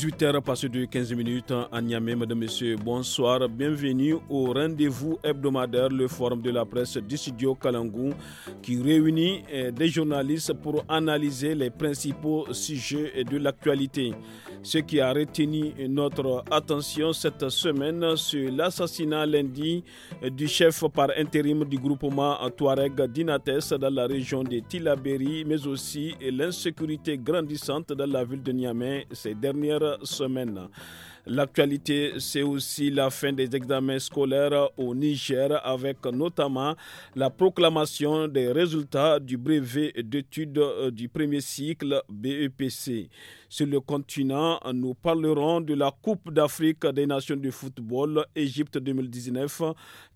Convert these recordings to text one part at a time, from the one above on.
18h passé de 15 minutes à Niamey, mesdames, messieurs, bonsoir. Bienvenue au rendez-vous hebdomadaire, le forum de la presse du studio Kalangou, qui réunit eh, des journalistes pour analyser les principaux sujets de l'actualité. Ce qui a retenu notre attention cette semaine, c'est l'assassinat lundi eh, du chef par intérim du groupement Touareg Dinates dans la région de Tilaberi, mais aussi l'insécurité grandissante dans la ville de Niamey ces dernières semaine. L'actualité, c'est aussi la fin des examens scolaires au Niger avec notamment la proclamation des résultats du brevet d'études euh, du premier cycle BEPC. Sur le continent, nous parlerons de la Coupe d'Afrique des Nations de football Égypte 2019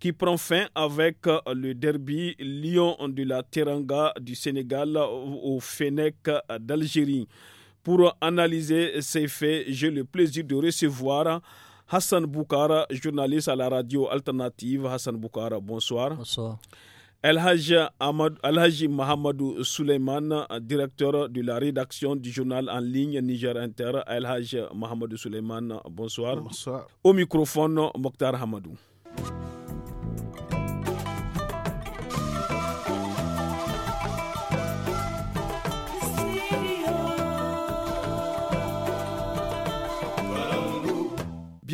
qui prend fin avec euh, le derby Lyon de la Teranga du Sénégal au Fennec d'Algérie. Pour analyser ces faits, j'ai le plaisir de recevoir Hassan Boukara, journaliste à la radio alternative. Hassan Boukara, bonsoir. Bonsoir. Haji Mohamedou Suleiman, directeur de la rédaction du journal en ligne Niger Inter. Alhaji Mohamedou Suleiman, bonsoir. Bonsoir. Au microphone, Mokhtar Hamadou.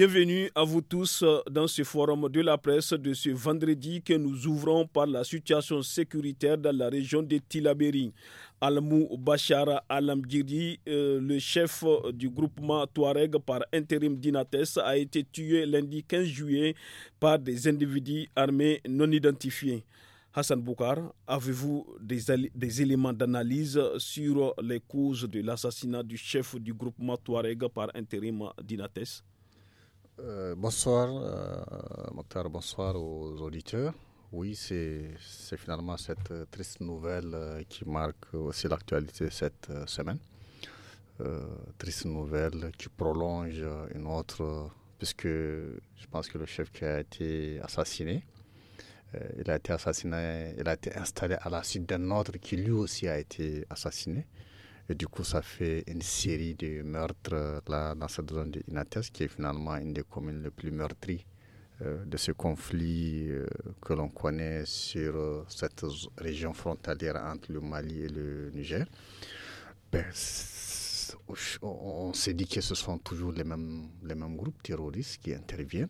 Bienvenue à vous tous euh, dans ce forum de la presse de ce vendredi que nous ouvrons par la situation sécuritaire dans la région de Tilaberi. Almou Bachar Alamdiri, euh, le chef euh, du groupement Touareg par intérim d'Inates, a été tué lundi 15 juillet par des individus armés non identifiés. Hassan Boukar, avez-vous des, éléments d'analyse sur les causes de l'assassinat du chef du groupement Touareg par intérim d'Inates euh, bonsoir, euh, bonsoir aux auditeurs. Oui, c'est finalement cette euh, triste nouvelle euh, qui marque aussi l'actualité cette semaine. triste nouvelle qui prolonge une autre, puisque je pense que le chef qui a été assassiné, il a été assassiné, il a été installé à la suite d'un autre qui lui aussi a été assassiné. Et du coup, ça fait une série de meurtres euh, là, dans cette zone de Inates, qui est finalement une des communes les plus meurtries euh, de ce conflit euh, que l'on connaît sur cette région frontalière entre le Mali et le Niger. Ben, on s'est dit que ce sont toujours les mêmes, les mêmes groupes terroristes qui interviennent.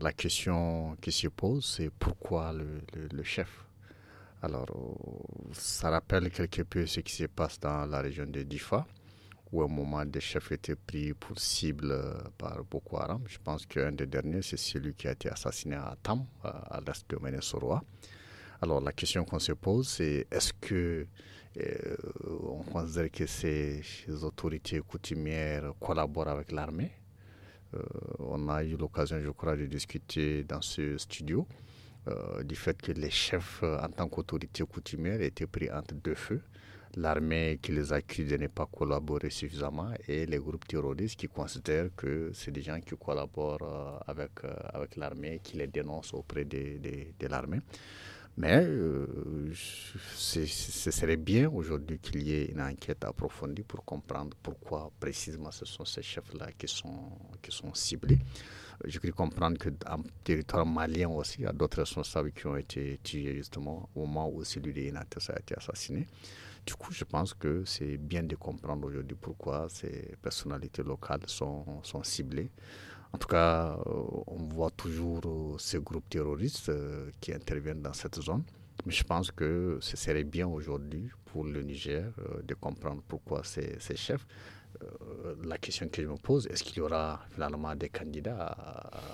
la question qui se pose, c'est pourquoi le, le chef alors, ça rappelle quelque peu ce qui se passe dans la région de Difa, où un moment des chefs étaient pris pour cible euh, par Boko Haram. Je pense qu'un des derniers, c'est celui qui a été assassiné à Tam, à l'est de Ménesoroa. Alors, la question qu'on se pose, c'est est-ce que euh, on considère que ces autorités coutumières collaborent avec l'armée euh, On a eu l'occasion, je crois, de discuter dans ce studio euh, du fait que les chefs, euh, en tant qu'autorité coutumière, étaient pris entre deux feux. L'armée qui les accuse de ne pas collaborer suffisamment et les groupes terroristes qui considèrent que c'est des gens qui collaborent euh, avec, avec l'armée, qui les dénoncent auprès de, l'armée. Mais ce serait bien aujourd'hui qu'il y ait une enquête approfondie pour comprendre pourquoi précisément ce sont ces chefs-là qui sont, qui sont ciblés. Je cru comprendre qu'en territoire malien aussi, il y a d'autres responsables qui ont été tués justement au moment où celui de Inates a été assassiné. Du coup, je pense que c'est bien de comprendre aujourd'hui pourquoi ces personnalités locales sont, sont ciblées. En tout cas, euh, on voit toujours euh, ces groupes terroristes euh, qui interviennent dans cette zone. Mais je pense que ce serait bien aujourd'hui pour le Niger de comprendre pourquoi ces chefs la question que je me pose, est-ce qu'il y aura finalement des candidats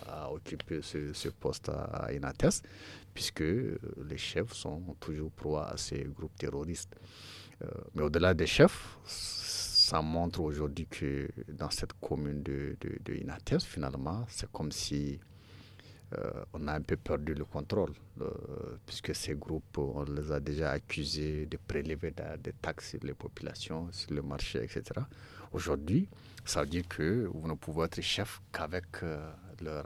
à, occuper ce, poste à Inates, puisque euh, les chefs sont toujours proies à ces groupes terroristes. Euh, mais au-delà des chefs, ça montre aujourd'hui que dans cette commune de, Inates, finalement, c'est comme si euh, on a un peu perdu le contrôle, puisque ces groupes, on les a déjà accusés de prélever des taxes sur les populations, sur le marché, etc. Aujourd'hui, ça veut dire que vous ne pouvez être chef qu'avec euh, euh,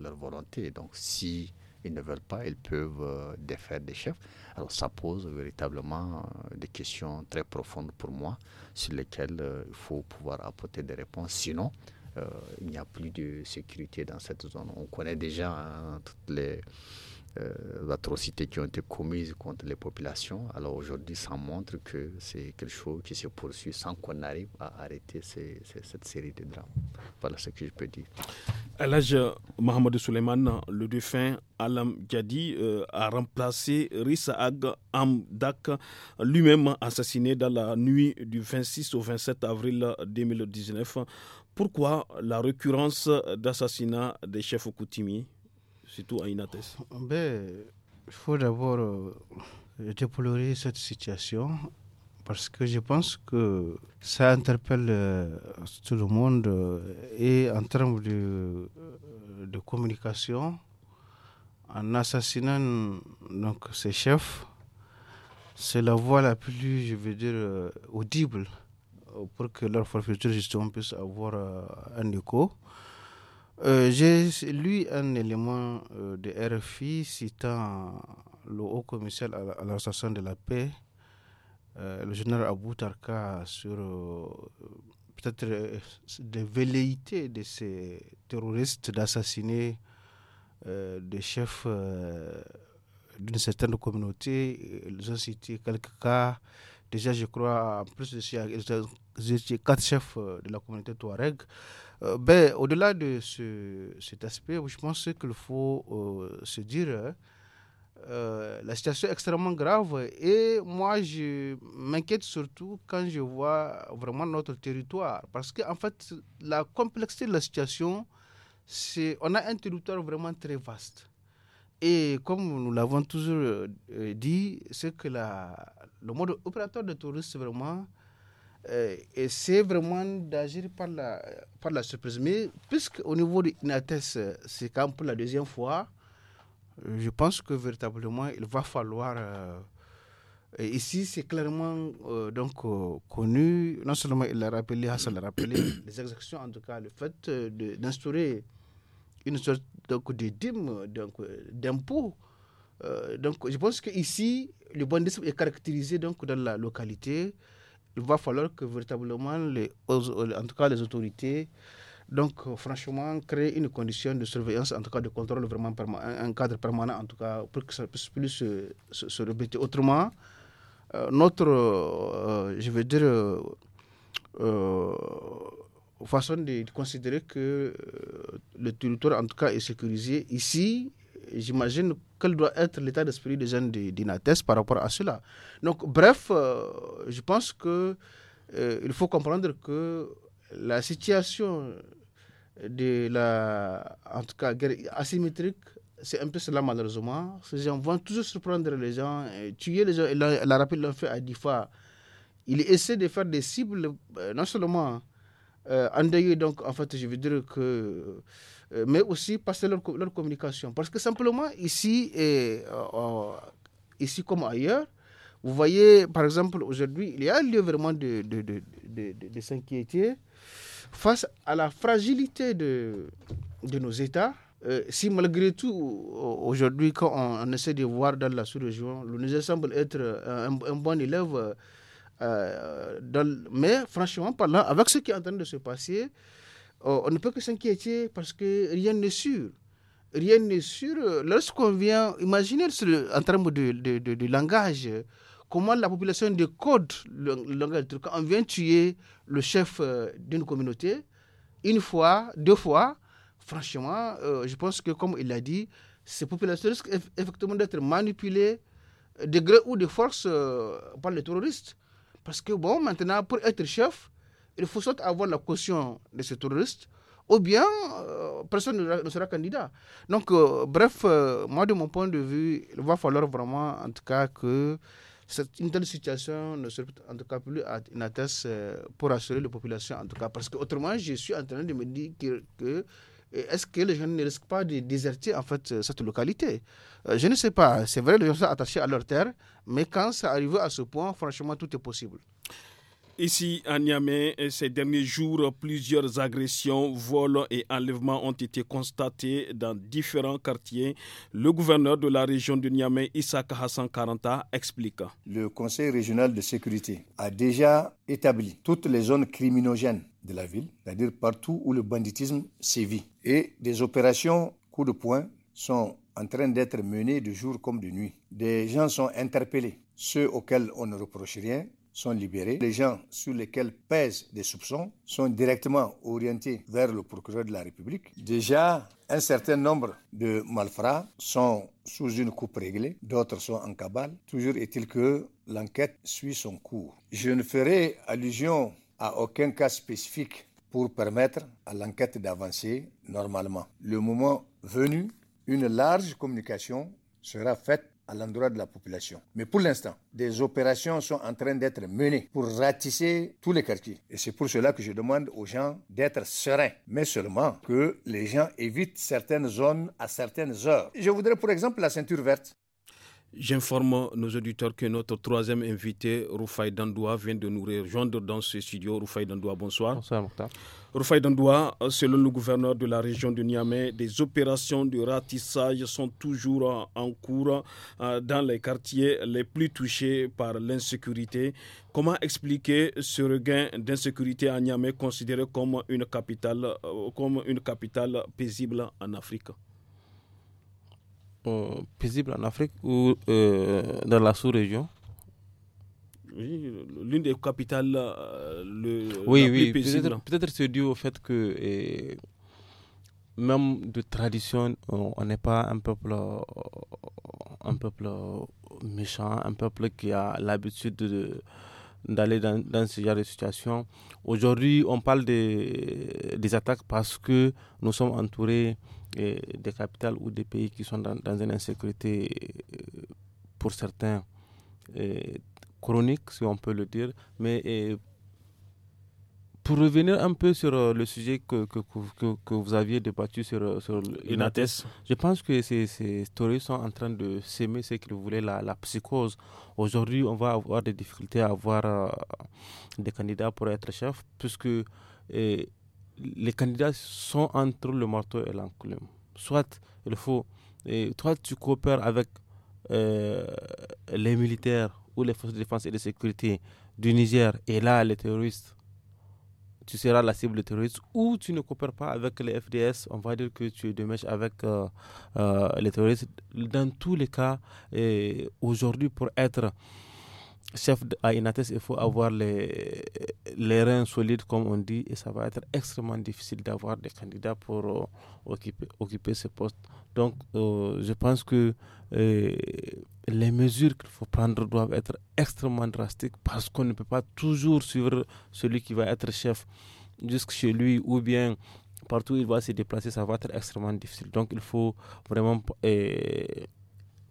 leur, volonté. Donc, si ils ne veulent pas, ils peuvent euh, défaire des chefs. Alors, ça pose véritablement des questions très profondes pour moi, sur lesquelles il faut pouvoir apporter des réponses. Sinon, il n'y a plus de sécurité dans cette zone. On connaît déjà hein, toutes les l'atrocité euh, qui ont été commises contre les populations. Alors aujourd'hui, ça montre que c'est quelque chose qui se poursuit sans qu'on arrive à arrêter cette série de drames. Voilà ce que je peux dire. À l'âge, Mohamed Souleiman, le défunt Alam Gadi euh, a remplacé Rissa Ag Amdak, lui-même assassiné dans la nuit du 26 au 27 avril 2019. Pourquoi la récurrence d'assassinats des chefs koutimi surtout à Inates ben, Il faut d'abord euh, déplorer cette situation parce que je pense que ça interpelle euh, tout le monde euh, et en termes de, communication, en assassinant donc, ces chefs, c'est la voie la plus, je veux dire, audible pour que leur forfaiture justement puisse avoir un écho. Euh, j'ai lu un élément euh, de RFI citant le haut commissaire à l'assassinat de la paix, euh, le général Abou Tarka, sur peut-être des velléités de ces terroristes d'assassiner des chefs d'une certaine communauté. Ils ont cité quelques cas. Déjà, je crois, en plus de quatre chefs de la communauté Touareg. Euh, ben, au-delà de ce, cet aspect, je pense qu'il faut euh, se dire euh, euh, la situation est extrêmement grave et moi je m'inquiète surtout quand je vois vraiment notre territoire parce qu'en en fait la complexité de la situation, c'est on a un territoire vraiment très vaste. Et comme nous l'avons toujours dit, c'est que la, le mode opérateur de tourisme, vraiment, euh, et c'est vraiment d'agir par la, par la surprise. Mais au niveau de Inates, euh, c'est quand même pour la deuxième fois, je pense que véritablement, il va falloir. Euh, ici, c'est clairement donc, connu. Non seulement il l'a rappelé, Hassan l'a rappelé, les exactions, en tout cas, le fait d'instaurer une sorte donc, de dîme, d'impôt. Donc, je pense qu'ici, le bandisme est caractérisé donc, dans la localité il va falloir que véritablement, les, en tout cas les autorités, donc euh, franchement, créer une condition de surveillance, en tout cas de contrôle vraiment permanent un cadre permanent, en tout cas, pour que ça puisse plus se, se, répéter. Autrement, euh, notre, euh, je veux dire, euh, façon de, considérer que le territoire, en tout cas, est sécurisé, ici, j'imagine quel doit être l'état d'esprit des jeunes d'Inates par rapport à cela. Donc, bref, euh, je pense que euh, il faut comprendre que la situation de la, en tout cas, guerre asymétrique, c'est un peu cela malheureusement. Ces gens vont toujours surprendre les gens, euh, tuer les gens. Et la, la rapide fait à fois. Il essaie de faire des cibles, non seulement en endeuillées, donc en fait, je veux dire que euh, mais aussi passer leur, leur, communication. Parce que simplement, ici, et, euh, euh, ici comme ailleurs, vous voyez, par exemple, aujourd'hui, il y a lieu vraiment de, de, de, de s'inquiéter face à la fragilité de, nos États. si malgré tout, aujourd'hui, quand on, essaie de voir dans la sous-région, le semble être un, bon élève, mais franchement parlant, avec ce qui est en train de se passer, Oh, on ne peut que s'inquiéter parce que rien n'est sûr. Rien n'est sûr. Lorsqu'on vient, imaginer en termes de, de, de, langage, comment la population décode le, le langage. Quand on vient tuer le chef euh, d'une communauté, une fois, deux fois, franchement, euh, je pense que, comme il l'a dit, ces populations risquent effectivement d'être manipulées de gré ou de force euh, par les terroristes. Parce que, bon, maintenant, pour être chef, il faut soit avoir la caution de ces touristes, ou bien euh, personne ne sera candidat. Donc, euh, bref, euh, moi, de mon point de vue, il va falloir vraiment, en tout cas, que cette, une telle situation ne soit en tout cas plus une pour assurer la population, en tout cas. Parce que autrement, je suis en train de me dire que, est-ce que les gens ne risquent pas de déserter en fait cette localité Je ne sais pas. C'est vrai, les gens sont attachés à leur terre, mais quand ça arrive à ce point, franchement, tout est possible. Ici, à Niamey, ces derniers jours, plusieurs agressions, vols et enlèvements ont été constatés dans différents quartiers. Le gouverneur de la région de Niamey, Issaka Hassan Karanta, explique. Le Conseil régional de sécurité a déjà établi toutes les zones criminogènes de la ville, c'est-à-dire partout où le banditisme sévit. Et des opérations coup de poing sont en train d'être menées de jour comme de nuit. Des gens sont interpellés, ceux auxquels on ne reproche rien, sont libérés. Les gens sur lesquels pèsent des soupçons sont directement orientés vers le procureur de la République. Déjà, un certain nombre de malfrats sont sous une coupe réglée, d'autres sont en cabale. Toujours est-il que l'enquête suit son cours. Je ne ferai allusion à aucun cas spécifique pour permettre à l'enquête d'avancer normalement. Le moment venu, une large communication sera faite à l'endroit de la population. Mais pour l'instant, des opérations sont en train d'être menées pour ratisser tous les quartiers. Et c'est pour cela que je demande aux gens d'être sereins, mais seulement que les gens évitent certaines zones à certaines heures. Je voudrais, par exemple, la ceinture verte. J'informe nos auditeurs que notre troisième invité, Rufai Dandoua, vient de nous rejoindre dans ce studio. Roufaï Dandoua, bonsoir. Bonsoir, Mokhtar. Rufai Dandoua, selon le gouverneur de la région de Niamey, des opérations de ratissage sont toujours en cours euh, dans les quartiers les plus touchés par l'insécurité. Comment expliquer ce regain d'insécurité à Niamey, considéré comme une capitale, euh, comme une capitale paisible en Afrique euh, paisible en Afrique ou euh, dans la sous-région oui, l'une des capitales euh, le, oui, oui, Peut-être, c'est dû au fait que eh, même de tradition, on n'est pas un peuple, un peuple méchant, un peuple qui a l'habitude de, d'aller dans, ce genre de situation. Aujourd'hui, on parle des attaques parce que nous sommes entourés eh, des capitales ou des pays qui sont dans, dans une insécurité, eh, pour certains, eh, chronique, si on peut le dire, mais pour revenir un peu sur euh, le sujet que, que, que, vous aviez débattu sur, euh, sur je pense que ces, ces terroristes sont en train de s'aimer ce qu'ils voulaient, la, la psychose. Aujourd'hui, on va avoir des difficultés à avoir euh, des candidats pour être chef, puisque eh, les candidats sont entre le marteau et l'enclume. Soit il faut, et, eh, toi tu coopères avec les militaires ou les forces de défense et de sécurité du Niger, et là les terroristes tu seras la cible terroriste ou tu ne coopères pas avec les FDS, on va dire que tu es de mèche avec euh, euh, les terroristes. Dans tous les cas, aujourd'hui, pour être chef à Inates, il faut avoir les, les, reins solides, comme on dit, et ça va être extrêmement difficile d'avoir des candidats pour euh, occuper, occuper ce poste. Donc, euh, je pense que euh, les mesures qu'il faut prendre doivent être extrêmement drastiques parce qu'on ne peut pas toujours suivre celui qui va être chef jusque chez lui ou bien partout où il va se déplacer, ça va être extrêmement difficile. Donc, il faut vraiment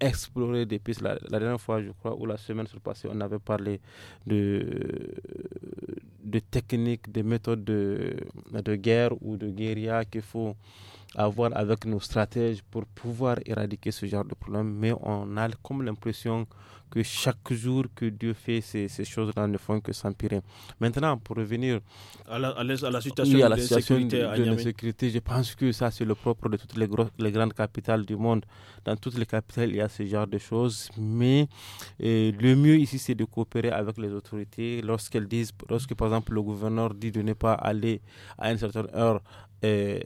explorer des pistes. La, dernière fois, je crois, ou la semaine passée on avait parlé de, de techniques, de méthodes de, de guerre ou de guérilla qu'il faut avoir avec nos stratèges pour pouvoir éradiquer ce genre de problème. Mais on a comme l'impression que chaque jour que Dieu fait ces, choses-là ne font que s'empirer. Maintenant, pour revenir à la, situation, de à la de, je pense que ça, c'est le propre de toutes les, les, grandes capitales du monde. Dans toutes les capitales, il y a ce genre de choses. Mais euh, le mieux ici, c'est de coopérer avec les autorités. Lorsqu'elles disent, lorsque par exemple le gouverneur dit de ne pas aller à une certaine heure euh,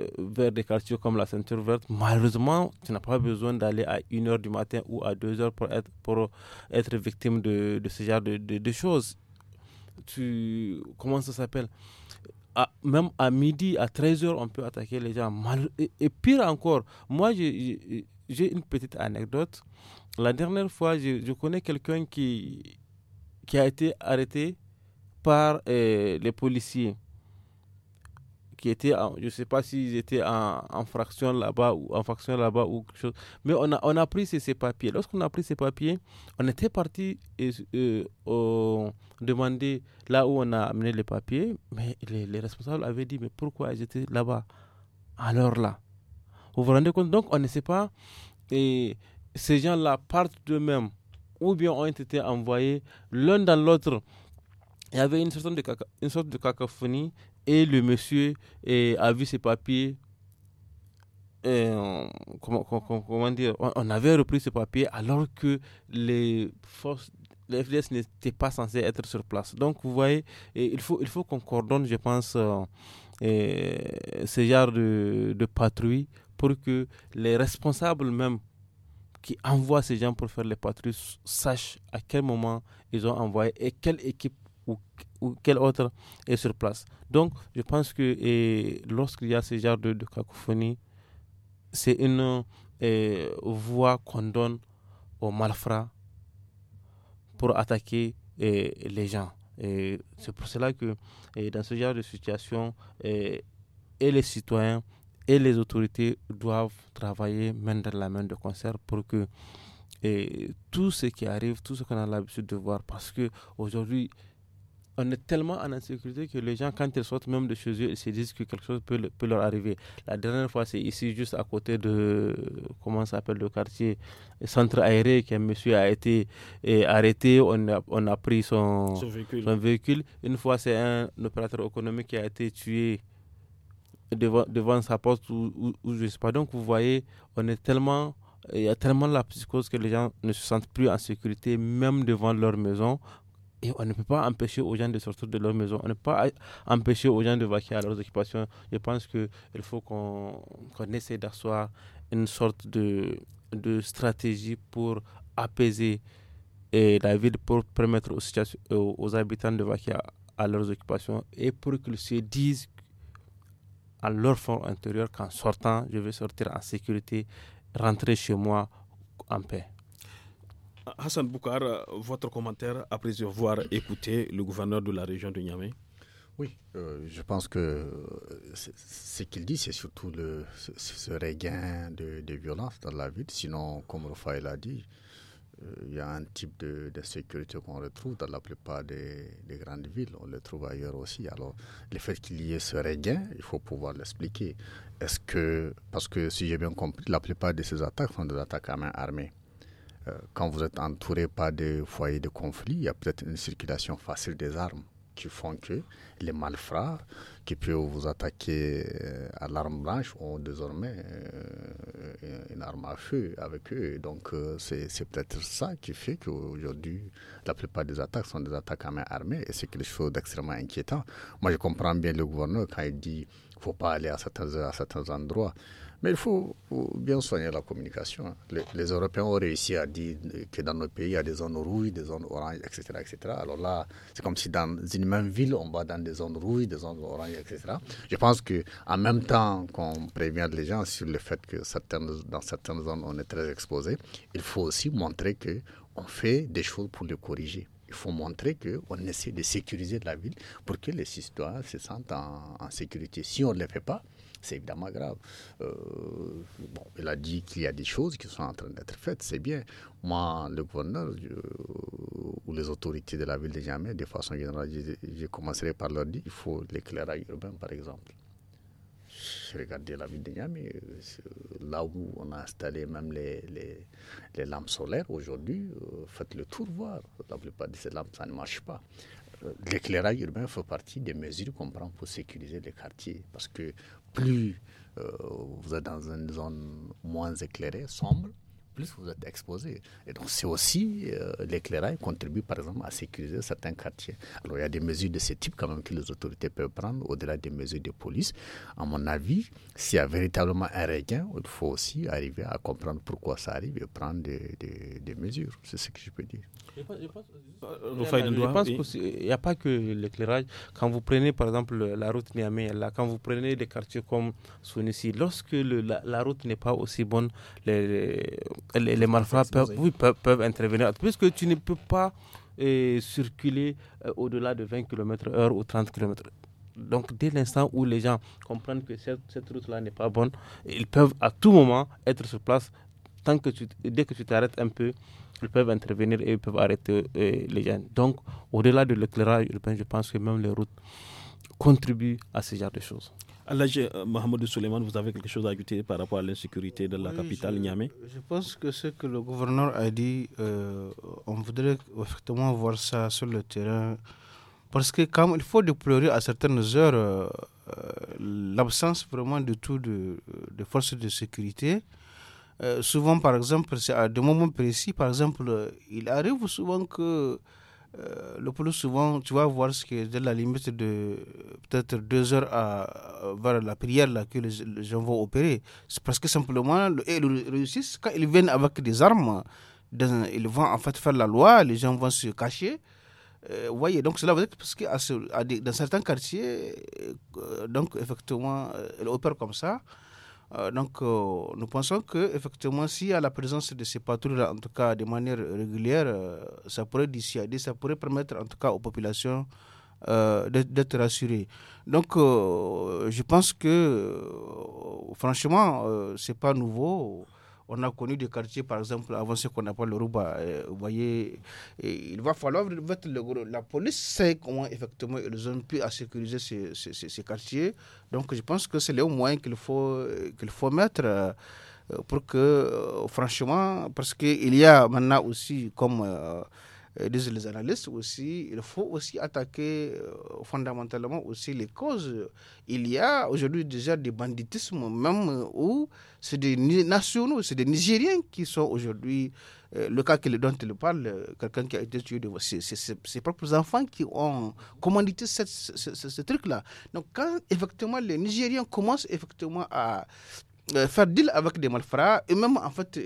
euh, vers des quartiers comme la ceinture verte, malheureusement, tu n'as pas besoin d'aller à 1h du matin ou à 2h pour, être, pour être victime de, de ce genre de, de, choses. Tu, comment ça s'appelle à, même à midi, à 13h, on peut attaquer les gens. Et, et pire encore, moi, j'ai une petite anecdote. La dernière fois, je, connais quelqu'un qui, qui a été arrêté par euh, les policiers qui étaient, je ne sais pas s'ils étaient en, fraction là-bas ou en fraction là-bas ou quelque chose. Mais on a, on a pris ces, papiers. Lorsqu'on a pris ces papiers, on était parti et, euh, demander là où on a amené les papiers, mais les, les responsables avaient dit, mais pourquoi ils étaient là-bas Alors là, vous vous rendez compte Donc on ne sait pas. Et ces gens-là partent d'eux-mêmes ou bien ont été envoyés l'un dans l'autre il y avait une sorte de, une sorte de cacophonie et le monsieur eh, a vu ses papiers. on, eh, comment, dire On avait repris ses papiers alors que les forces les FDS n'étaient pas censées être sur place. Donc, vous voyez, eh, il faut, il faut qu'on coordonne, je pense, euh, et ce genre de, patrouille pour que les responsables même qui envoient ces gens pour faire les patrouilles sachent à quel moment ils ont envoyé et quelle équipe ou ou quel autre est sur place. Donc, je pense que lorsqu'il y a ce genre de, cacophonie, c'est une voix qu'on donne aux malfrats pour attaquer les gens. Et c'est pour cela que dans ce genre de situation, et les citoyens et les autorités doivent travailler main dans la main de concert pour que tout ce qui arrive, tout ce qu'on a l'habitude de voir, parce que aujourd'hui, on est tellement en insécurité que les gens, quand ils sortent même de chez eux, ils se disent que quelque chose peut, leur arriver. La dernière fois, c'est ici, juste à côté de, comment ça s'appelle le quartier, centre aéré, qu'un monsieur a été arrêté, on a, pris son, véhicule. Une fois, c'est un opérateur économique qui a été tué devant, devant sa porte ou, ou, je sais pas. Donc, vous voyez, on est tellement il y a tellement la psychose que les gens ne se sentent plus en sécurité, même devant leur maison, et on ne peut pas empêcher aux gens de sortir de leur maison. On ne peut pas empêcher aux gens de vaquer à leurs occupations. Je pense qu'il faut qu'on essaie d'asseoir une sorte de, de stratégie pour apaiser et eh, la ville pour permettre aux, habitants de vaquer à, leurs occupations et pour qu'ils se disent à leur fond intérieur qu'en sortant, je vais sortir en sécurité, rentrer chez moi en paix. Hassan Boukar, votre commentaire après avoir écouté le gouverneur de la région de Niamey oui, euh, je pense que euh, ce qu'il dit, c'est surtout le, ce, regain de, violence dans la ville. Sinon, comme Rafaël a dit, euh, il y a un type de, sécurité qu'on retrouve dans la plupart des, des, grandes villes. On le trouve ailleurs aussi. Alors, le fait qu'il y ait ce regain, il faut pouvoir l'expliquer. Est-ce que, parce que si j'ai bien compris, la plupart de ces attaques sont des attaques à main armée. Euh, quand vous êtes entouré par des foyers de conflit, il y a peut-être une circulation facile des armes qui font que les malfrats qui peuvent vous attaquer euh, à l'arme blanche ont désormais euh, une arme à feu avec eux. Donc c'est peut-être ça qui fait qu'aujourd'hui, la plupart des attaques sont des attaques à main armée et c'est quelque chose d'extrêmement inquiétant. Moi, je comprends bien le gouverneur quand il dit qu'il ne faut pas aller à certains, à certains endroits. Mais il faut, bien soigner la communication. Les, Européens ont réussi à dire que dans nos pays, il y a des zones rouges, des zones oranges, etc. etc. Alors là, c'est comme si dans une même ville, on va dans des zones rouges, des zones oranges, etc. Je pense qu'en même temps qu'on prévient les gens sur le fait que dans certaines zones, on est très exposé, il faut aussi montrer qu'on fait des choses pour le corriger il faut montrer qu'on essaie de sécuriser la ville pour que les citoyens se sentent en, en sécurité. Si on ne le fait pas, c'est évidemment grave. Euh, bon, il a dit qu'il y a des choses qui sont en train d'être faites, c'est bien. Moi, le gouverneur euh, ou les autorités de la ville de Jamais, de façon générale, je, je commencerai par leur dire il faut l'éclairage urbain, par exemple. Regardez la ville de Niamey, là où on a installé même les, les, lampes solaires aujourd'hui, euh, faites le tour voir. La plupart de ces lampes, ça ne marche pas. Euh, l'éclairage urbain fait partie des mesures qu'on prend pour sécuriser les quartiers. Parce que plus euh, vous êtes dans une zone moins éclairée, sombre, plus vous êtes exposé. Et donc, c'est aussi l'éclairage euh, l'éclairage contribue, par exemple, à sécuriser certains quartiers. Alors, il y a des mesures de ce type, quand même, que les autorités peuvent prendre, au-delà des mesures de police. À mon avis, s'il y a véritablement un regain, il faut aussi arriver à comprendre pourquoi ça arrive et prendre des mesures. C'est ce que je peux dire. Je pense euh, qu'il n'y a pas que l'éclairage. Quand vous prenez par exemple la route Niamey, là, quand vous prenez des quartiers comme Sounissi, lorsque la, route n'est pas aussi bonne, les, les, malfrats peuvent, intervenir. intervenir. Puisque tu ne peux pas euh, circuler euh, au-delà de 20 km/h ou 30 km. Donc, dès l'instant où les gens comprennent que cette, cette route-là n'est pas bonne, ils peuvent à tout moment être sur place, tant que tu, dès que tu t'arrêtes un peu, ils peuvent intervenir et ils peuvent arrêter euh, les gens. Donc, au-delà de l'éclairage urbain, je pense que même les routes contribuent à ce genre de choses. Alage euh, Mohamed Souleymane, vous avez quelque chose à ajouter par rapport à l'insécurité de la capitale Niamey Je pense que ce que le gouverneur a dit, euh, on voudrait effectivement voir ça sur le terrain. Parce que quand il faut déplorer à certaines heures l'absence vraiment de tout de, de forces de sécurité, euh, souvent, par exemple, à des moments précis, par exemple, euh, il arrive souvent que euh, le plus souvent, tu vas voir ce que de la limite de peut-être deux heures à, vers la prière là, que les, gens vont opérer. C'est parce que simplement, ils réussissent quand ils viennent avec des armes. ils vont en fait faire la loi, les gens vont se cacher. Vous voyez, donc cela veut dire parce que dans certains quartiers, donc effectivement, ils opèrent comme ça. Euh, donc, euh, nous pensons que effectivement, s'il y a la présence de ces patrouilles, en tout cas de manière régulière, euh, ça pourrait dissuader, ça pourrait permettre en tout cas aux populations d'être rassurées. Donc, je pense que, franchement, c'est pas nouveau. On a connu des quartiers, par exemple, avant ce qu'on appelle le Rouba. Euh, vous voyez, il va falloir mettre le, la police sait comment effectivement ils ont pu à sécuriser ces, ces, ces, quartiers. Donc, je pense que c'est le moyen qu'il faut, qu'il faut mettre euh, pour que, euh, franchement, parce qu'il y a maintenant aussi, comme euh, disent les analystes aussi, il faut aussi attaquer euh, fondamentalement aussi les causes. Il y a aujourd'hui déjà des banditismes, même euh, où c'est des nationaux, c'est des Nigériens qui sont aujourd'hui le cas dont il parle, quelqu'un qui a été tué c'est ses, propres enfants qui ont commandité cette, ce, ce truc-là. Donc, quand effectivement les Nigériens commencent effectivement à euh, faire deal avec des malfrats. Et même, en fait,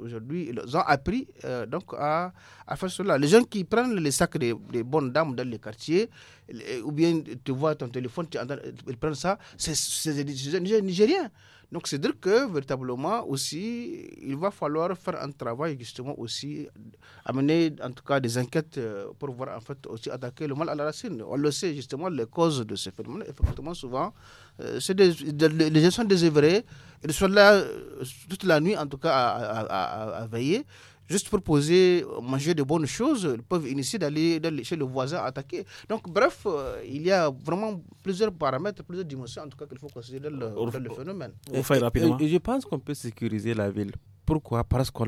aujourd'hui, ils ont appris euh, donc à, à, faire cela. Les gens qui prennent les sacs des, bonnes dames dans les quartiers, ou bien tu vois ton téléphone, ils prennent ça, c'est des Nigériens. Donc, c'est dire que véritablement aussi, il va falloir faire un travail justement aussi, amener en tout cas des enquêtes euh, pour voir en fait aussi attaquer le mal à la racine. On le sait justement, les causes de ce phénomène, effectivement, souvent, euh, c'est les gens sont désœuvrés, ils sont là euh, toute la nuit en tout cas à veiller juste pour poser, euh, manger de bonnes choses, ils peuvent initier d'aller chez le voisin attaquer. Donc, bref, euh, il y a vraiment plusieurs paramètres, plusieurs dimensions, en tout cas, qu'il faut considérer le, le phénomène. On fait rapidement. je pense qu'on peut sécuriser la ville pourquoi Parce qu'on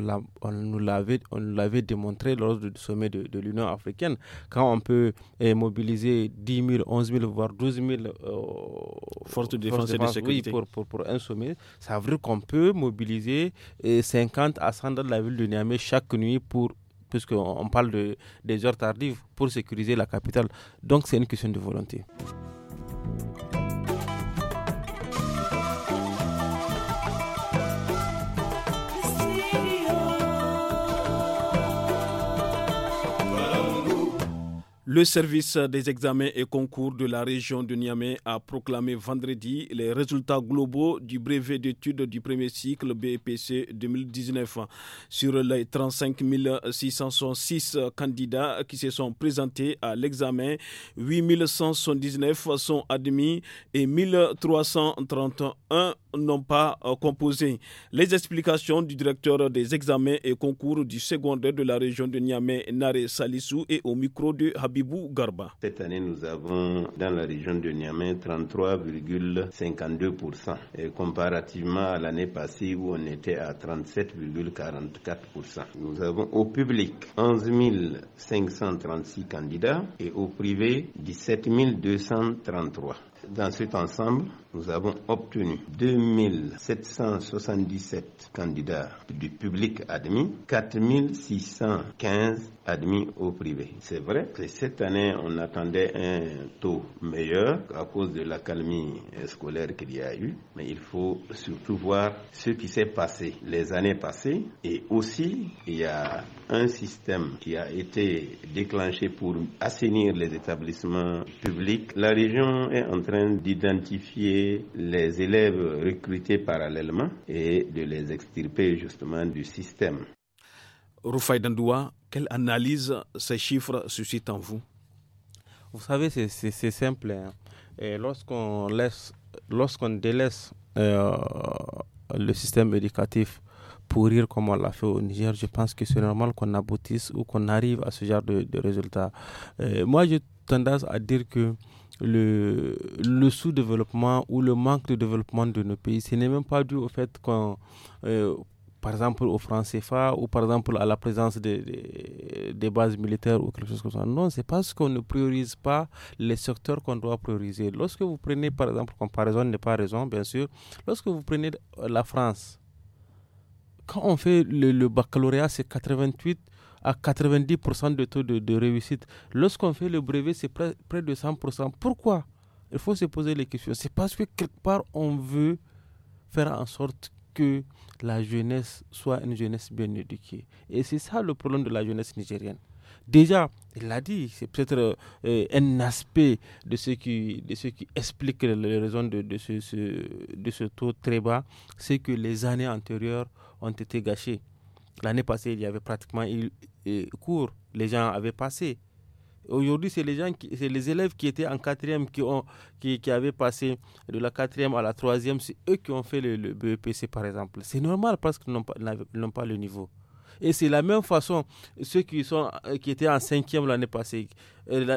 nous l'avait démontré lors du sommet de, l'Union africaine. Quand on peut eh, mobiliser 10 000, 11 000, voire 12 000 euh, forces de défense, et de sécurité pour, un sommet, ça veut dire qu'on peut mobiliser 50 eh, à 100 de la ville de Niamey chaque nuit pour puisqu'on parle de, des heures tardives pour sécuriser la capitale. Donc c'est une question de volonté. Le service des examens et concours de la région de Niamey a proclamé vendredi les résultats globaux du brevet d'études du premier cycle BEPC 2019. Sur les 35 606 candidats qui se sont présentés à l'examen, 8 179 sont admis et 1331 n'ont pas composé. Les explications du directeur des examens et concours du secondaire de la région de Niamey, Nare Salissou, et au micro de Habib cette année, nous avons dans la région de Niamey 33,52%. Et comparativement à l'année passée où on était à 37,44%. Nous avons au public 11 536 candidats et au privé 17 233. Dans cet ensemble, nous avons obtenu 2777 candidats du public admis, 4615 admis au privé. C'est vrai que cette année, on attendait un taux meilleur à cause de l'accalmie scolaire qu'il y a eu, mais il faut surtout voir ce qui s'est passé les années passées et aussi il y a un système qui a été déclenché pour assainir les établissements publics. La région est en train d'identifier les élèves recrutés parallèlement et de les extirper justement du système. Rufai Dandoua, quelle analyse ces chiffres suscitent en vous Vous savez, c'est simple. Hein. Lorsqu'on laisse, lorsqu'on délaisse euh, le système éducatif pourrir comme on l'a fait au Niger, je pense que c'est normal qu'on aboutisse ou qu'on arrive à ce genre de, de résultats. Euh, moi, j'ai tendance à dire que le, le sous-développement ou le manque de développement de nos pays. Ce n'est même pas dû au fait qu'on, euh, par exemple, au franc CFA ou par exemple à la présence des, des bases militaires ou quelque chose comme ça. Non, c'est parce qu'on ne priorise pas les secteurs qu'on doit prioriser. Lorsque vous prenez, par exemple, comparaison n'est pas raison, bien sûr, lorsque vous prenez la France, quand on fait le, baccalauréat, c'est 88 à 90% de taux de, réussite. Lorsqu'on fait le brevet, c'est près, près, de 100%. Pourquoi Il faut se poser les questions. C'est parce que quelque part, on veut faire en sorte que la jeunesse soit une jeunesse bien éduquée. Et c'est ça le problème de la jeunesse nigérienne. Déjà, il l'a dit, c'est peut-être euh, un aspect de ce qui, de qui explique les raisons de, ce, de ce taux très bas, c'est que les années antérieures ont été gâchées. L'année passée, il y avait pratiquement eu, cours, les gens avaient passé. Aujourd'hui, c'est les gens, les élèves qui étaient en quatrième qui ont, qui, avaient passé de la quatrième à la troisième, c'est eux qui ont fait le, BEPC par exemple. C'est normal parce qu'ils n'ont n'ont pas le niveau. Et c'est la même façon, ceux qui, sont, euh, qui étaient en cinquième l'année passée, euh,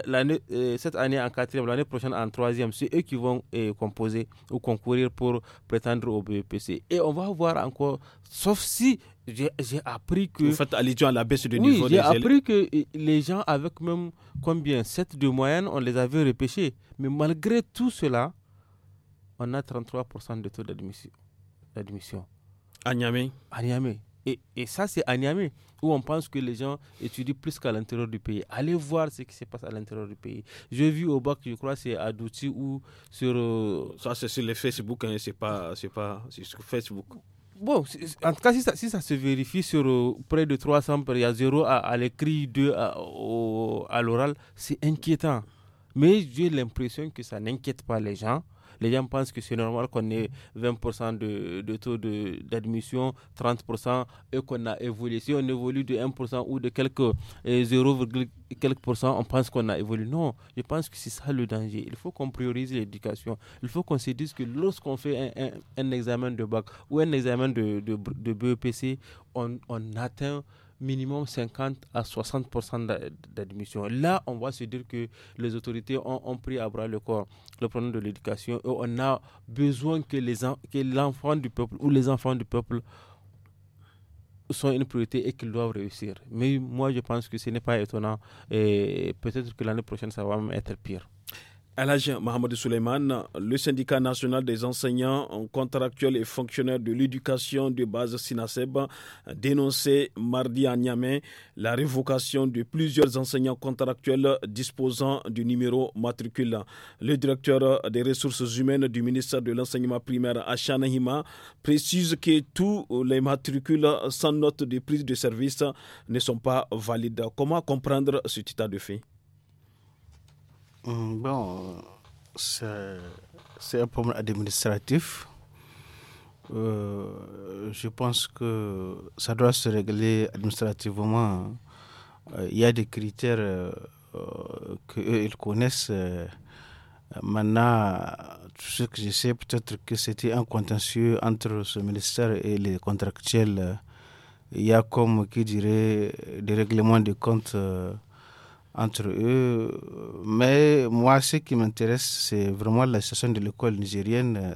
euh, cette année en quatrième, l'année prochaine en troisième, c'est eux qui vont composer ou concourir pour prétendre au BEPC. Et on va voir encore, sauf si j'ai appris que. Vous faites allusion à la baisse de oui, J'ai appris que les gens avec même combien 7 de moyenne, on les avait repêchés. Mais malgré tout cela, on a 33% de taux d'admission. À Niamey À Niamey. Et, ça, c'est à Niamey, où on pense que les gens étudient plus qu'à l'intérieur du pays. Allez voir ce qui se passe à l'intérieur du pays. J'ai vu au bac, je crois, c'est à Douti ou sur. Euh, ça, c'est sur les Facebook, hein, c'est pas, pas sur Facebook bon, en tout cas, si ça, si ça se vérifie sur euh, près de 300, il y a zéro à, l'écrit, 2 à l'oral, c'est inquiétant. Mais j'ai l'impression que ça n'inquiète pas les gens. Les gens pensent que c'est normal qu'on ait 20% de, de, taux d'admission, 30% et qu'on a évolué. Si on évolue de 1% ou de quelques 0, quelques on pense qu'on a évolué. Non, je pense que c'est ça le danger. Il faut qu'on priorise l'éducation. Il faut qu'on se dise que lorsqu'on fait un, examen de bac ou un examen de, de, de BEPC, on, on atteint minimum 50 à 60 d'admission. Là, on va se dire que les autorités ont, pris à bras le corps le problème de l'éducation et on a besoin que les que l'enfant du peuple ou les enfants du peuple soient une priorité et qu'ils doivent réussir. Mais moi, je pense que ce n'est pas étonnant et peut-être que l'année prochaine, ça va même être pire. Alaj Mohamed Souleyman, le syndicat national des enseignants contractuels et fonctionnaires de l'éducation de base SINASEB dénoncé mardi à Niamey la révocation de plusieurs enseignants contractuels disposant du numéro matricule. Le directeur des ressources humaines du ministère de l'enseignement primaire, Achan Hima, précise que tous les matricules sans note de prise de service ne sont pas valides. Comment comprendre ce titre de fait Mm, bon, c'est un problème administratif. Euh, je pense que ça doit se régler administrativement. Euh, il y a des critères euh, qu'ils connaissent. Euh, maintenant, tout ce que je sais, peut-être que c'était un contentieux entre ce ministère et les contractuels. Il y a comme qui dirait des règlements de comptes entre eux. Mais moi, ce qui m'intéresse, c'est vraiment la situation de l'école nigérienne.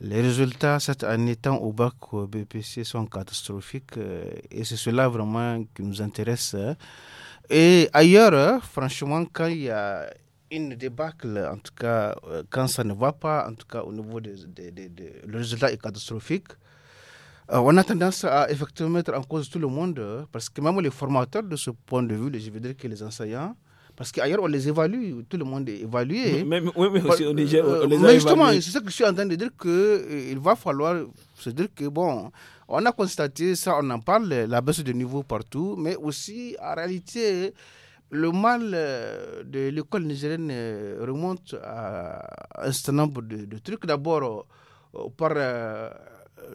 Les résultats cette année, tant au bac BPC, sont catastrophiques euh, et c'est cela vraiment qui nous intéresse. Hein. Et ailleurs, hein, franchement, quand il y a une débâcle, en tout cas, euh, quand ça ne va pas, en tout cas, au niveau des. des des le résultat est catastrophique. Euh, on a tendance à effectivement mettre en cause tout le monde, euh, parce que même les formateurs, de ce point de vue, je veux dire que les enseignants, parce qu'ailleurs, on les évalue, tout le monde est évalué. oui, mais aussi, on, Niger, on euh, les a Mais justement, c'est ce que je suis en train de dire qu'il va falloir se dire que, bon, on a constaté ça, on en parle, la baisse de niveau partout, mais aussi, en réalité, le mal de l'école nigérienne remonte à un certain nombre de, de trucs. D'abord, par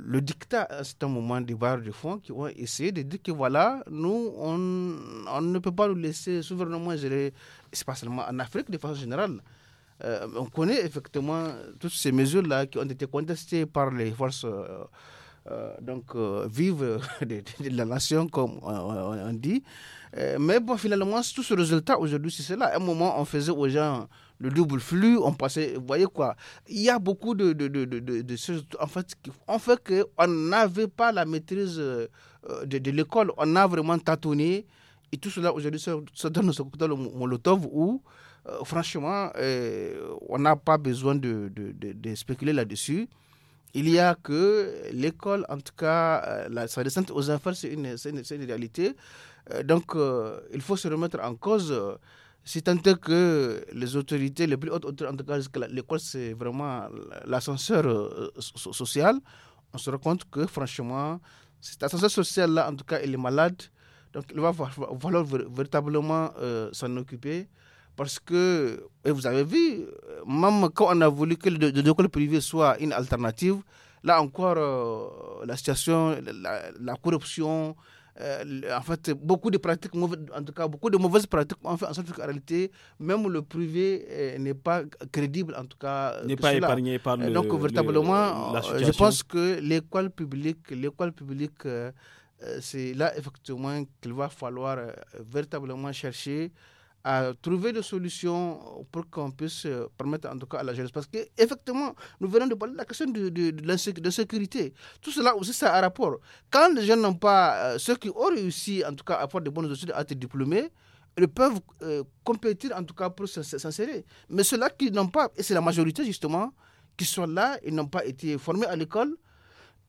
le dictat c'est un moment des barres de fond qui ont essayé de dire que voilà, nous, on, on ne peut pas nous laisser souverainement gérer, c'est pas seulement en Afrique de façon générale. Euh, on connaît effectivement toutes ces mesures-là qui ont été contestées par les forces euh, euh, donc vives de, la nation, comme on, dit. mais bon, finalement, tout ce résultat aujourd'hui, c'est cela. À un moment, on faisait aux gens le double flux, on passait, vous voyez quoi, il y a beaucoup de, de, de, de, choses, en fait, en fait qu'on n'avait pas la maîtrise euh, de, l'école, on a vraiment tâtonné, et tout cela aujourd'hui, ça, donne ce cocktail Molotov où, euh, franchement, euh, on n'a pas besoin de, spéculer là-dessus. Il y a que l'école, en tout cas, la, sa descente aux enfers, c'est une, une, réalité. donc, il faut se remettre en cause. Si tant est que les autorités, les plus hautes autorités, en tout cas, l'école, c'est vraiment l'ascenseur euh, social, on se rend compte que, franchement, cet ascenseur social-là, en tout cas, il est malade. Donc, il va falloir véritablement euh, s'en occuper. Parce que, et vous avez vu, même quand on a voulu que l'école privée soit une alternative, là encore, euh, la situation, la, la corruption, euh, en fait, beaucoup de pratiques, en tout cas, beaucoup de mauvaises pratiques en fait en sorte en réalité, même le privé euh, n'est pas crédible, en tout cas. Euh, n'est pas épargné par Donc, véritablement, je pense que l'école publique, l'école publique, c'est là effectivement qu'il va falloir véritablement chercher à trouver des solutions pour qu'on puisse euh, permettre en tout cas à la jeunesse. Parce qu'effectivement, nous venons de parler de la question de, de, la, sécurité. Tout cela aussi, ça a un rapport. Quand les jeunes n'ont pas, euh, ceux qui ont réussi en tout cas à avoir de bonnes études, à être diplômés, ils peuvent euh, compétir en tout cas pour s'insérer. Mais ceux-là qui n'ont pas, et c'est la majorité justement, qui sont là, ils n'ont pas été formés à l'école,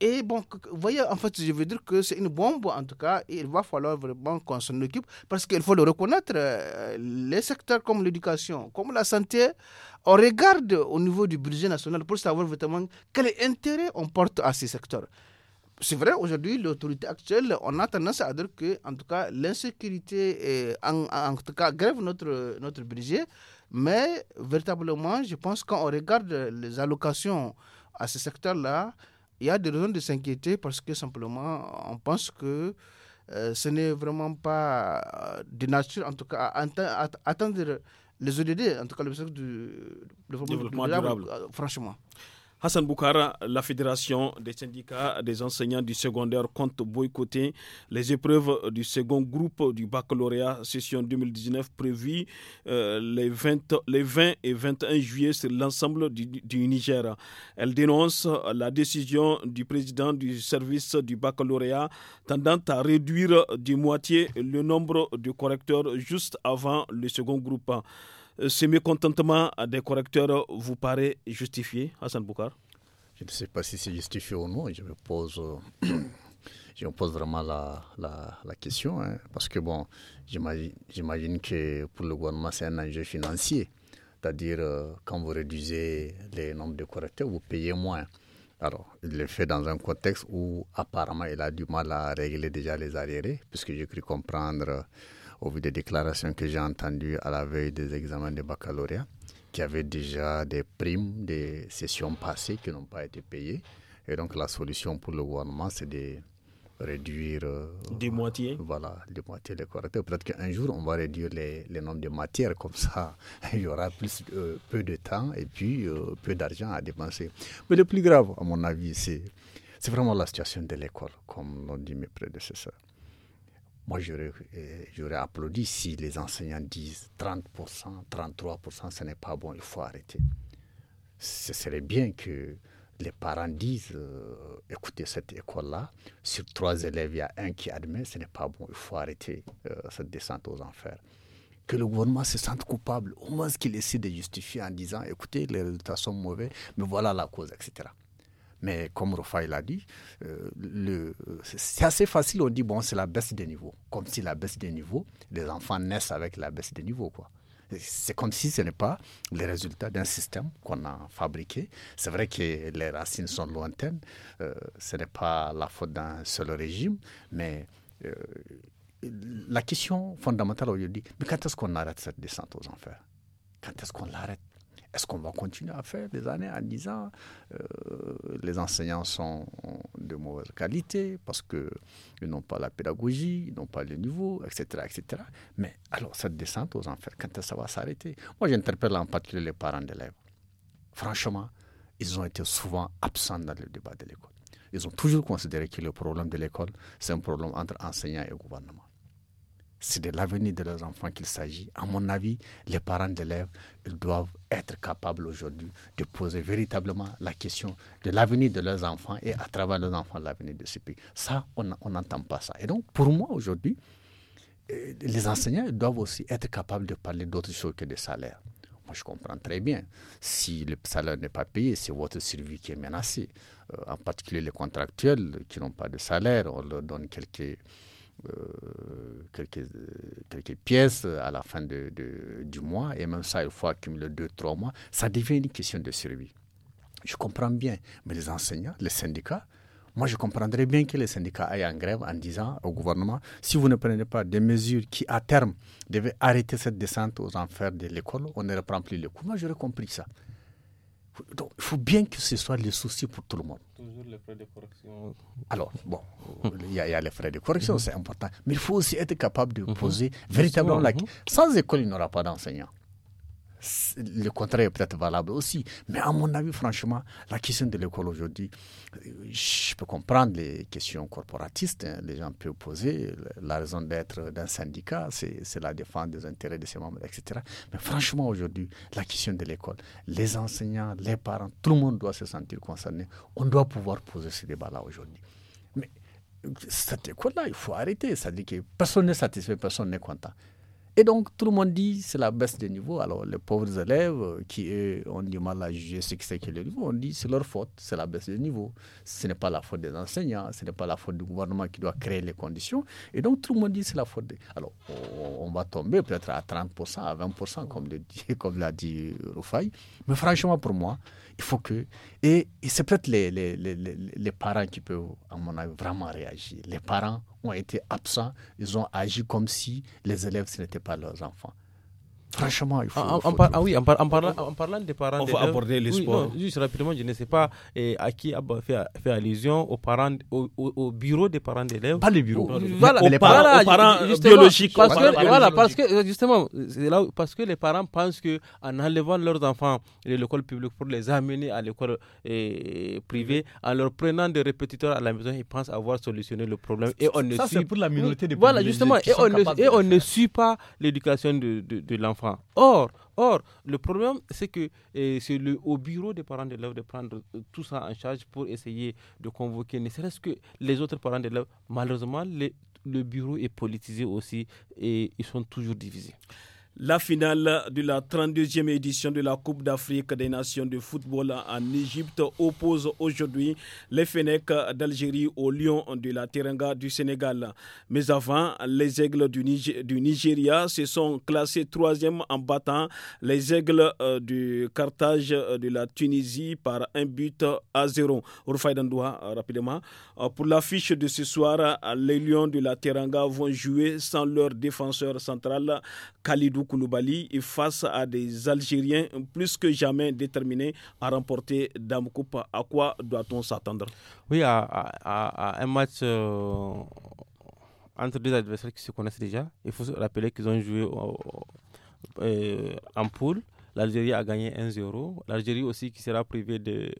et bon, vous voyez, en fait, je veux dire que c'est une bombe, en tout cas, et il va falloir vraiment qu'on s'en occupe, parce qu'il faut le reconnaître, euh, les secteurs comme l'éducation, comme la santé, on regarde au niveau du budget national pour savoir vraiment quel intérêt on porte à ces secteurs c'est vrai, aujourd'hui, l'autorité actuelle, on a tendance à dire que, en tout cas, l'insécurité, en, en, tout cas, grève notre, notre budget. Mais, véritablement, je pense quand on regarde les allocations à ces secteurs là il y a des raisons de s'inquiéter parce que simplement, on pense que euh, ce n'est vraiment pas euh, de nature, en tout cas, à atteindre les ODD, en tout cas l'objectif du développement durable. Euh, franchement. Hassan Boukara, la Fédération des syndicats des enseignants du secondaire compte boycotter les épreuves du second groupe du baccalauréat session 2019 prévue euh, les, 20, et 21 juillet sur l'ensemble du Niger. Elle dénonce la décision du président du service du baccalauréat tendant à réduire de moitié le nombre de correcteurs juste avant le second groupe. Euh, ce mécontentement des correcteurs vous paraît justifié, Hassan Boukar Je ne sais pas si c'est justifié ou non. Je me pose, euh, je me pose vraiment la, la, question. Hein, parce que, bon, j'imagine que pour le gouvernement, c'est un enjeu financier. C'est-à-dire, euh, quand vous réduisez les nombres de correcteurs, vous payez moins. Alors, il le fait dans un contexte où apparemment il a du mal à régler déjà les arriérés, puisque j'ai cru comprendre au vu des déclarations que j'ai entendues à la veille des examens de baccalauréat, qui avaient déjà des primes des sessions passées qui n'ont pas été payées. Et donc la solution pour le gouvernement, c'est de réduire... Euh, des moitiés Voilà, des moitiés de correcteurs. Peut-être qu'un jour, on va réduire les, les nombres de matières, comme ça, il y aura plus, euh, peu de temps et puis euh, peu d'argent à dépenser. Mais le plus grave, à mon avis, c'est vraiment la situation de l'école, comme l'ont dit mes prédécesseurs. Moi, euh, j'aurais applaudi si les enseignants disent 30%, 33%, ce n'est pas bon, il faut arrêter. Ce serait bien que les parents disent, euh, écoutez, cette école-là, sur trois élèves, il y a un qui admet, ce n'est pas bon, il faut arrêter euh, cette descente aux enfers. Que le gouvernement se sente coupable, au moins qu'il essaie de justifier en disant, écoutez, les résultats sont mauvais, mais voilà la cause, etc. Mais comme Rofaï l'a dit, euh, c'est assez facile, on dit, bon, c'est la baisse des niveaux. Comme si la baisse des niveaux, les enfants naissent avec la baisse des niveaux, quoi. C'est comme si ce n'est pas le résultat d'un système qu'on a fabriqué. C'est vrai que les racines sont lointaines, euh, ce n'est pas la faute d'un seul régime, mais euh, la question fondamentale dit, mais quand est-ce qu'on arrête cette descente aux enfers Quand est-ce qu'on l'arrête est-ce qu'on va continuer à faire des années en disant que euh, les enseignants sont de mauvaise qualité parce qu'ils n'ont pas la pédagogie, ils n'ont pas le niveau, etc., etc. Mais alors, cette descente aux enfers, quand ça va s'arrêter Moi, j'interpelle en particulier les parents d'élèves. Franchement, ils ont été souvent absents dans le débat de l'école. Ils ont toujours considéré que le problème de l'école, c'est un problème entre enseignants et gouvernement c'est de l'avenir de leurs enfants qu'il s'agit. À mon avis, les parents d'élèves, ils doivent être capables aujourd'hui de poser véritablement la question de l'avenir de leurs enfants et à travers leurs enfants l'avenir de ce pays. Ça, on n'entend pas ça. Et donc, pour moi, aujourd'hui, euh, les enseignants doivent aussi être capables de parler d'autres choses que des salaires. Moi, je comprends très bien. Si le salaire n'est pas payé, c'est votre survie qui est menacée. Euh, en particulier les contractuels qui n'ont pas de salaire, on leur donne quelques euh, quelques, pièces à la fin du mois, et même ça, il faut accumuler deux, trois mois, ça devient une question de survie. Je comprends bien, mais les enseignants, les syndicats, moi, je comprendrais bien que les syndicats aillent en grève en disant au gouvernement, si vous ne prenez pas des mesures qui, à terme, devaient arrêter cette descente aux enfers de l'école, on ne reprend plus le coup. Moi, j'aurais compris ça. Donc, il faut bien que ce soit le souci pour tout le monde toujours les frais de correction. Alors, bon, il y, a, les frais de correction, mhm. c'est important. Mais il faut aussi être capable de mhm. poser véritablement la... Mhm. question. Sans école, il n'y aura pas d'enseignant le contraire est peut-être valable aussi. Mais à mon avis, franchement, la question de l'école aujourd'hui, euh, je peux comprendre les questions corporatistes. Hein, les gens peuvent poser la raison d'être d'un syndicat, c'est la défense des intérêts de ses membres, etc. Mais franchement, aujourd'hui, la question de l'école, les enseignants, les parents, tout le monde doit se sentir concerné. On doit pouvoir poser ce débat-là aujourd'hui. Mais euh, cette école-là, il faut arrêter. Ça dit que personne n'est satisfait, personne n'est content. Et donc, tout le monde dit c'est la baisse des niveaux. Alors, les pauvres élèves qui ont du mal à juger ce que c'est que le niveau, on dit c'est leur faute, c'est la baisse des niveaux. Ce n'est pas la faute des enseignants, ce n'est pas la faute du gouvernement qui doit créer les conditions. Et donc, tout le monde dit c'est la faute des. Alors, on, va tomber peut-être à 30%, à 20%, comme, l'a dit Rufai. Mais franchement, pour moi, il faut que. Et, c'est peut-être les les, les, les, les parents qui peuvent, à mon avis, vraiment réagir. Les parents ont été absents. Ils ont agi comme si les élèves, ce n'étaient pas leurs enfants. Franchement, il faut. En, ah, parlant, des parents. On va aborder l'espoir. juste rapidement, je ne sais pas eh, à qui a fait allusion aux parents, au, bureau des parents d'élèves. Pas les bureau. Voilà, les parents, biologiques. Parce que, voilà, parce que euh, justement, là, parce que les parents pensent qu'en enlevant leurs enfants de l'école publique pour les amener à l'école eh, privée, en leur prenant des répétiteurs à la maison, ils pensent avoir solutionné le problème. Et on ne suit... pour la Voilà, justement, et on, ne, suit pas l'éducation de l'enfant. Or, or le problème, c'est que c'est c'est au bureau des parents de d'élèves de prendre euh, tout ça en charge pour essayer de convoquer, ne serait-ce que les autres parents d'élèves. Malheureusement, le bureau est politisé aussi et ils sont toujours divisés. La finale de la 32e édition de la Coupe d'Afrique des Nations de football en Égypte oppose aujourd'hui les Fenech d'Algérie aux Lions de la Teranga du Sénégal. Mais avant, les Aigles du, Nigeria se sont classés troisième en battant les Aigles euh, du Carthage euh, de la Tunisie par un but à zéro. Euh, rapidement. Pour l'affiche de ce soir, les Lions de la Teranga vont jouer sans leur défenseur central Khalidou Kouloubali face à des Algériens plus que jamais déterminés à remporter Dame Coupe. À quoi doit-on s'attendre Oui, à, un match euh, entre deux adversaires qui se connaissent déjà. Il faut se rappeler qu'ils ont joué euh, en poule. L'Algérie a gagné 1-0. L'Algérie aussi qui sera privée d'une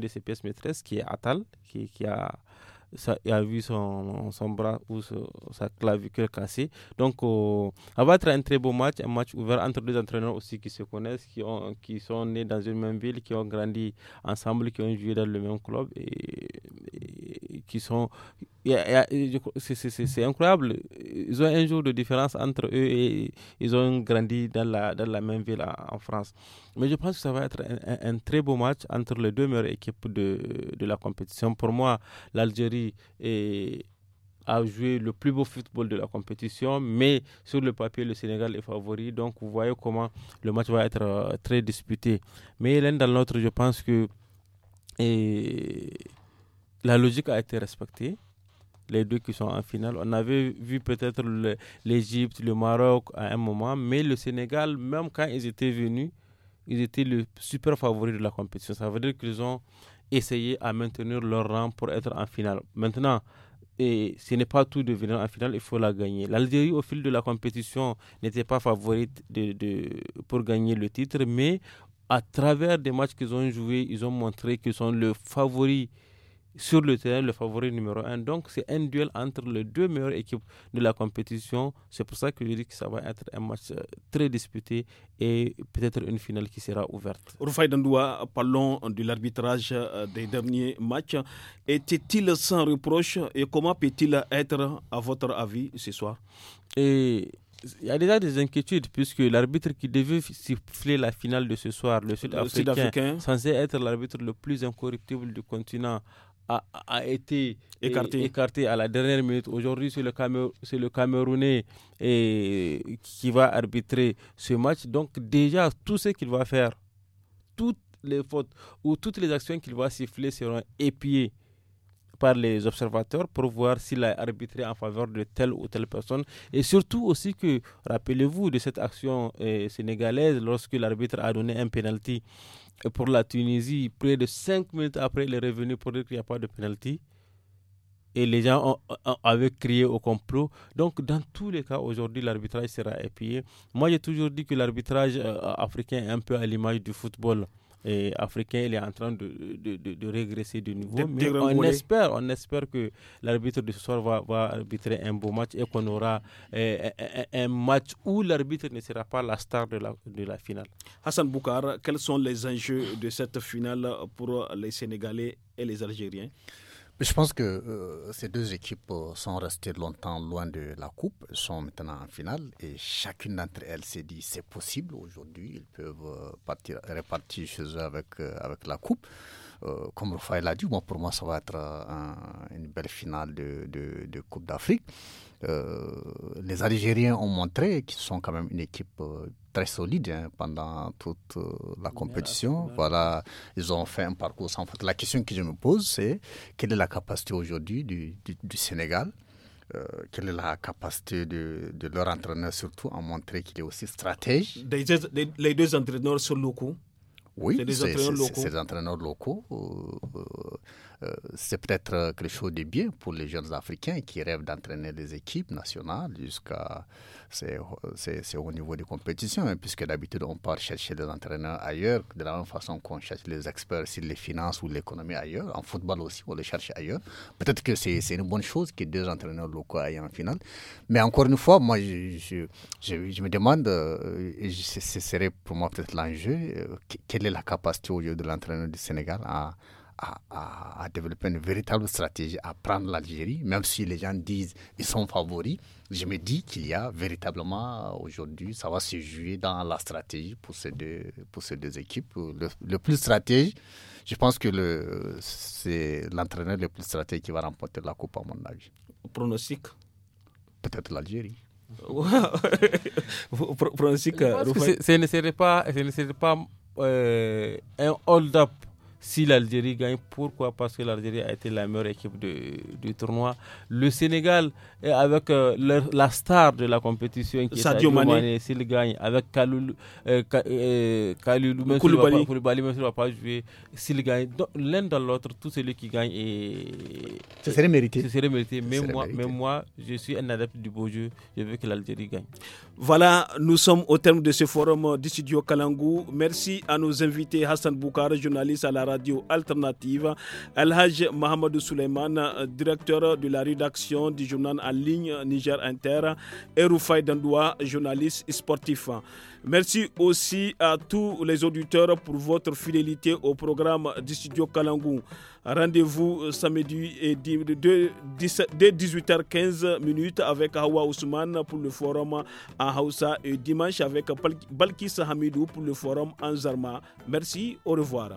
de, de ses pièces maîtresses, qui est Atal, qui a il a vu son, son bras ou sa clavicule cassée. Donc, euh, ça va être un très beau match, un match ouvert entre deux entraîneurs aussi qui se connaissent, qui, ont, qui sont nés dans une même ville, qui ont grandi ensemble, qui ont joué dans le même club et, qui sont. C'est incroyable. Ils ont un jour de différence entre eux et ils ont grandi dans la, dans la même ville en France. Mais je pense que ça va être un, très beau match entre les deux meilleures équipes de, de la compétition. Pour moi, l'Algérie a joué le plus beau football de la compétition, mais sur le papier, le Sénégal est favori. Donc, vous voyez comment le match va être euh, très disputé. Mais l'un dans l'autre, je pense que la logique a été respectée. Les deux qui sont en finale. On avait vu peut-être l'Égypte, le Maroc à un moment, mais le Sénégal, même quand ils étaient venus, ils étaient le super favori de la compétition. Ça veut dire qu'ils ont essayé à maintenir leur rang pour être en finale. Maintenant, et ce n'est pas tout de venir en finale, il faut la gagner. L'Algérie, au fil de la compétition, n'était pas favori de, pour gagner le titre, mais à travers des matchs qu'ils ont joués, ils ont montré qu'ils sont le favori sur le terrain le favori numéro un. Donc c'est un duel entre les deux meilleures équipes de la compétition. C'est pour ça que je dis que ça va être un match euh, très disputé et peut-être une finale qui sera ouverte. Rufai Dandoua, parlons de l'arbitrage euh, des derniers matchs. Était-il sans reproche et comment peut-il être, à votre avis, ce soir et il y a déjà des inquiétudes puisque l'arbitre qui devait siffler la finale de ce soir, le Sud-Africain, censé être l'arbitre le plus incorruptible du continent, a, été écarté. à la dernière minute. Aujourd'hui, c'est le, Camerounais et, qui va arbitrer ce match. Donc déjà, tout ce qu'il va faire, toutes les fautes ou toutes les actions qu'il va siffler seront épiées par les observateurs pour voir s'il a arbitré en faveur de telle ou telle personne. Et surtout aussi que, rappelez-vous de cette action eh, sénégalaise lorsque l'arbitre a donné un penalty pour la Tunisie, près de 5 minutes après, il est revenu pour dire qu'il n'y a pas de penalty et les gens avaient crié au complot. Donc, dans tous les cas, aujourd'hui, l'arbitrage sera épié. Moi, j'ai toujours dit que l'arbitrage euh, africain est un peu à l'image du football et africain, est en train de, de, régresser de nouveau. mais on espère, on espère que l'arbitre de ce soir va, va arbitrer un beau match et qu'on aura eh, eh, eh, un match où l'arbitre ne sera pas la star de la, de la finale. Hassan Boukar, quels sont les enjeux de cette finale pour les Sénégalais et les Algériens je pense que euh, ces deux équipes euh, sont restées longtemps loin de la coupe, sont maintenant en finale et chacune d'entre elles s'est dit c'est possible aujourd'hui, ils peuvent euh, partir, repartir chez eux avec, avec la coupe. Euh, comme Rafael l'a dit, pour moi, ça va être euh, une belle finale de, Coupe d'Afrique. Euh, les Algériens ont montré qu'ils sont quand même une équipe très solide hein, pendant toute la compétition. Voilà, ils ont fait un parcours sans faute. La question que je me pose, c'est quelle est la capacité aujourd'hui du, Sénégal quelle est la capacité de, leur entraîneur, surtout à montrer qu'il est aussi stratège. Les deux, entraîneurs sur le coup, oui, c'est Ces entraîneurs locaux, euh, euh, c'est peut-être quelque chose de bien pour les jeunes Africains qui rêvent d'entraîner des équipes nationales jusqu'à c'est au niveau des compétitions, hein, puisque d'habitude on part chercher des entraîneurs ailleurs, de la même façon qu'on cherche les experts sur les finances ou l'économie ailleurs, en football aussi on les cherche ailleurs. Peut-être que c'est une bonne chose que deux entraîneurs locaux aient en finale, mais encore une fois, moi je, je, je, me demande, euh, ce serait pour moi peut-être l'enjeu, euh, quelle est la capacité au lieu de l'entraîneur du Sénégal à à, développer une véritable stratégie, à prendre l'Algérie, même si les gens disent ils sont favoris. Je me dis qu'il y a véritablement aujourd'hui, ça va se jouer dans la stratégie pour ces deux, pour ces deux équipes. Le, plus stratège, je pense que le, c'est l'entraîneur le plus stratège qui va remporter la Coupe, à mon avis. Pronostic Peut-être l'Algérie. pronostic, ce, ne serait pas, ce ne serait pas euh, un hold-up si l'Algérie gagne, pourquoi Parce que l'Algérie a été la meilleure équipe de, du tournoi. Le Sénégal, avec euh, la star de la compétition, qui Sadio Mané, s'il gagne, avec Kalulu, euh, ne euh, va, pas jouer. S'il gagne, l'un dans l'autre, tout celui qui gagne et Ce serait mérité. Ce serait mérité. Mais, moi, mais moi, je suis un adepte du beau jeu. Je veux que l'Algérie gagne. Voilà, nous sommes au terme de ce forum du studio Kalangou. Merci à nos invités Hassan Boukar, journaliste à la radio radio alternative. Alhaj Mohamed Souleyman, directeur de la rédaction du journal en ligne Niger Inter, et Rufai Dandoua, journaliste sportif. Merci aussi à tous les auditeurs pour votre fidélité au programme du studio Kalangou. Rendez-vous samedi et 18h15 minutes avec Hawa Ousmane pour le forum en Hausa et dimanche avec Balkis Hamidou pour le forum en Zarma. Merci, au revoir.